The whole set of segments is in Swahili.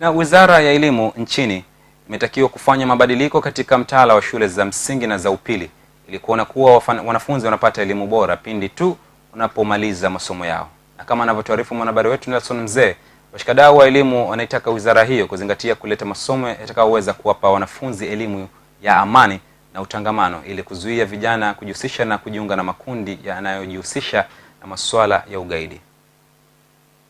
Na Wizara ya Elimu nchini imetakiwa kufanya mabadiliko katika mtaala wa shule za msingi na za upili ili kuona kuwa wanafunzi wanapata elimu bora pindi tu wanapomaliza masomo yao. Na kama anavyotuarifu mwanahabari wetu Nelson Mzee, washikadau wa elimu wanaitaka wizara hiyo kuzingatia kuleta masomo yatakayoweza kuwapa wanafunzi elimu ya amani na utangamano ili kuzuia vijana kujihusisha na kujiunga na makundi yanayojihusisha na masuala ya ugaidi.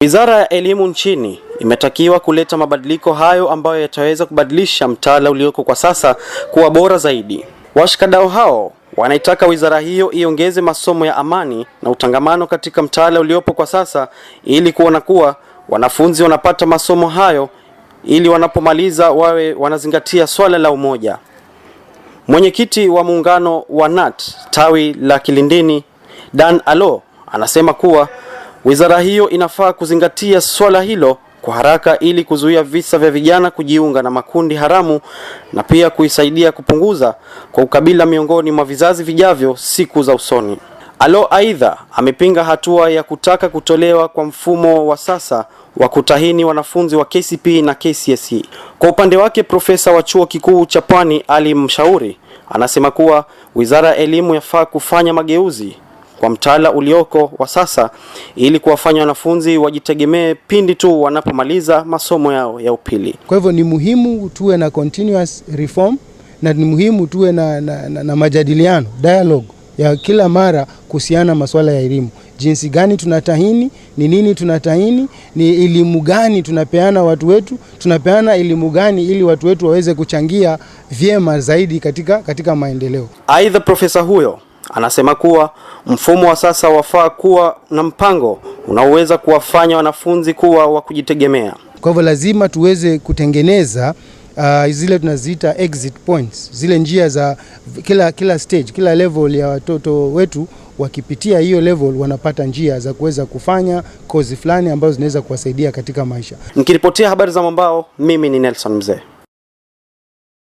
Wizara ya Elimu nchini imetakiwa kuleta mabadiliko hayo ambayo yataweza kubadilisha mtaala ulioko kwa sasa kuwa bora zaidi. Washikadau hao wanaitaka wizara hiyo iongeze masomo ya amani na utangamano katika mtaala uliopo kwa sasa ili kuona kuwa wanafunzi wanapata masomo hayo ili wanapomaliza wawe wanazingatia swala la umoja. Mwenyekiti wa muungano wa nat tawi la Kilindini, Dan Alo, anasema kuwa wizara hiyo inafaa kuzingatia swala hilo kwa haraka ili kuzuia visa vya vijana kujiunga na makundi haramu na pia kuisaidia kupunguza kwa ukabila miongoni mwa vizazi vijavyo siku za usoni. Alo aidha amepinga hatua ya kutaka kutolewa kwa mfumo wa sasa wa kutahini wanafunzi wa KCP na KCSE. Kwa upande wake, profesa wa chuo kikuu cha Pwani Ali Mshauri anasema kuwa wizara ya elimu yafaa kufanya mageuzi kwa mtaala ulioko wa sasa ili kuwafanya wanafunzi wajitegemee pindi tu wanapomaliza masomo yao ya upili. Kwa hivyo ni muhimu tuwe na continuous reform na ni muhimu tuwe na, na, na, na majadiliano dialogue ya kila mara kuhusiana masuala ya elimu, jinsi gani tunatahini, ni nini tunatahini, ni elimu gani tunapeana watu wetu, tunapeana elimu gani ili watu wetu waweze kuchangia vyema zaidi katika, katika maendeleo. Aidha, profesa huyo Anasema kuwa mfumo wa sasa wafaa kuwa na mpango unaoweza kuwafanya wanafunzi kuwa wa kujitegemea. Kwa hivyo lazima tuweze kutengeneza Uh, zile tunaziita exit points, zile njia za kila, kila stage kila level ya watoto wetu wakipitia hiyo level wanapata njia za kuweza kufanya kozi fulani ambazo zinaweza kuwasaidia katika maisha. Nikiripotia habari za Mwambao, mimi ni Nelson Mzee.